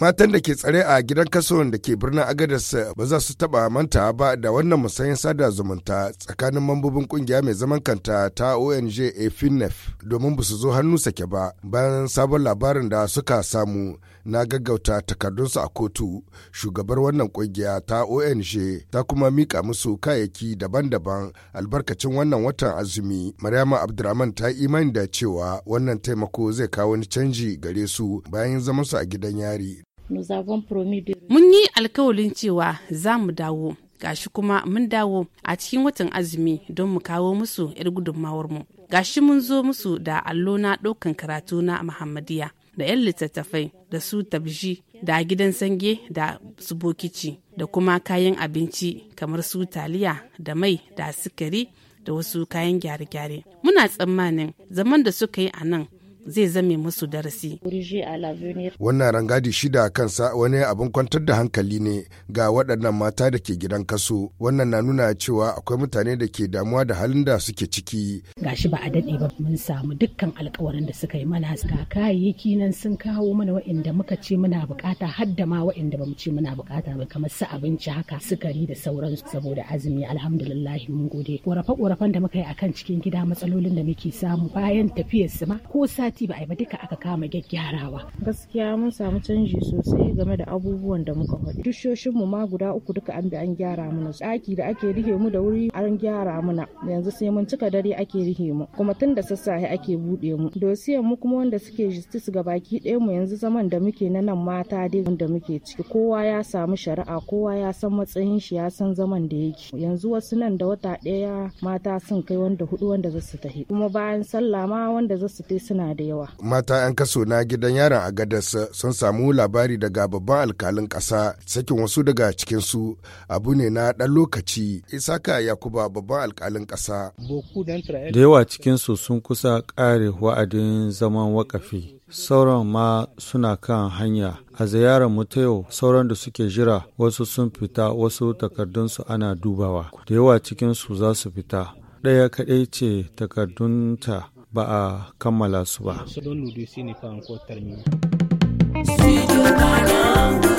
matan da ke tsare a gidan kasuwan da ke birnin agadas ba za su taba manta ba da wannan musayin sada zumunta tsakanin mambobin kungiya mai zaman kanta ta ong finnef domin ba su zo hannu sake ba bayan sabon labarin da suka samu na gaggauta takardunsu a kotu shugabar wannan kungiya ta ong ta kuma mika musu kayayyaki daban-daban albarkacin wannan watan azumi maryama abdurrahman ta imani da cewa wannan taimako zai kawo wani canji gare su bayan su a gidan yari Mun yi alkawalin cewa za mu dawo, gashi kuma mun dawo a cikin watan azumi don mu kawo musu 'yar mu Gashi mun zo musu da allo na ɗaukan karatu na Muhammadiya da 'yan littattafai da su tabji da gidan sange da su bokici da kuma kayan abinci kamar su taliya da mai da sukari da wasu kayan gyare-gyare. Muna tsammanin zaman da suka yi a nan zai zame musu darasi. Wannan rangadi shida kansa wani abin kwantar da hankali ne ga waɗannan mata da ke gidan kaso. Wannan na nuna cewa akwai mutane da ke damuwa da halin da suke ciki. ga shi ba a daɗe ba mun samu dukkan alkawarin da suka yi mana ga kayayyaki nan sun kawo mana waɗanda muka ce muna bukata har da ma waɗanda bamu ce muna bukata ba kamar su abinci haka sukari da sauransu saboda azumi alhamdulillah mun gode. Ƙorafe-ƙorafen da muka yi akan cikin gida matsalolin da muke samu bayan tafiyar su ma ko sati gwamnati ba a yi ba duka aka kama gyaggyarawa gaskiya mun samu canji sosai game da abubuwan da muka faɗi dushoshin mu ma guda uku duka an bi an gyara mana tsaki da ake rihe mu da wuri an gyara mana yanzu sai mun cika dare ake rihe mu kuma tun da sassafe ake buɗe mu dosiyan mu kuma wanda suke justice ga baki ɗaya mu yanzu zaman da muke na nan mata dai wanda muke ciki kowa ya samu shari'a kowa ya san matsayin shi ya san zaman da yake yanzu wasu nan da wata ɗaya mata sun kai wanda hudu wanda za su tafi kuma bayan sallah ma wanda za su tai suna da yawa. Mata 'yan kaso na gidan yaron a gadas sun samu labari daga babban alkalin ƙasa sakin wasu daga cikinsu abu ne na ɗan lokaci. Isaka Yakuba babban alkalin ƙasa. Da yawa cikinsu sun kusa ƙare wa'adin zaman wakafi. Sauran ma suna kan hanya a ziyarar mu yau sauran da suke jira wasu sun fita wasu takardunsu ana dubawa da yawa cikinsu za su fita ɗaya kaɗai ce takardunta ba a kammala su ba. Sabon Ludu shi ne fa'an ko tarmi. Sijo ba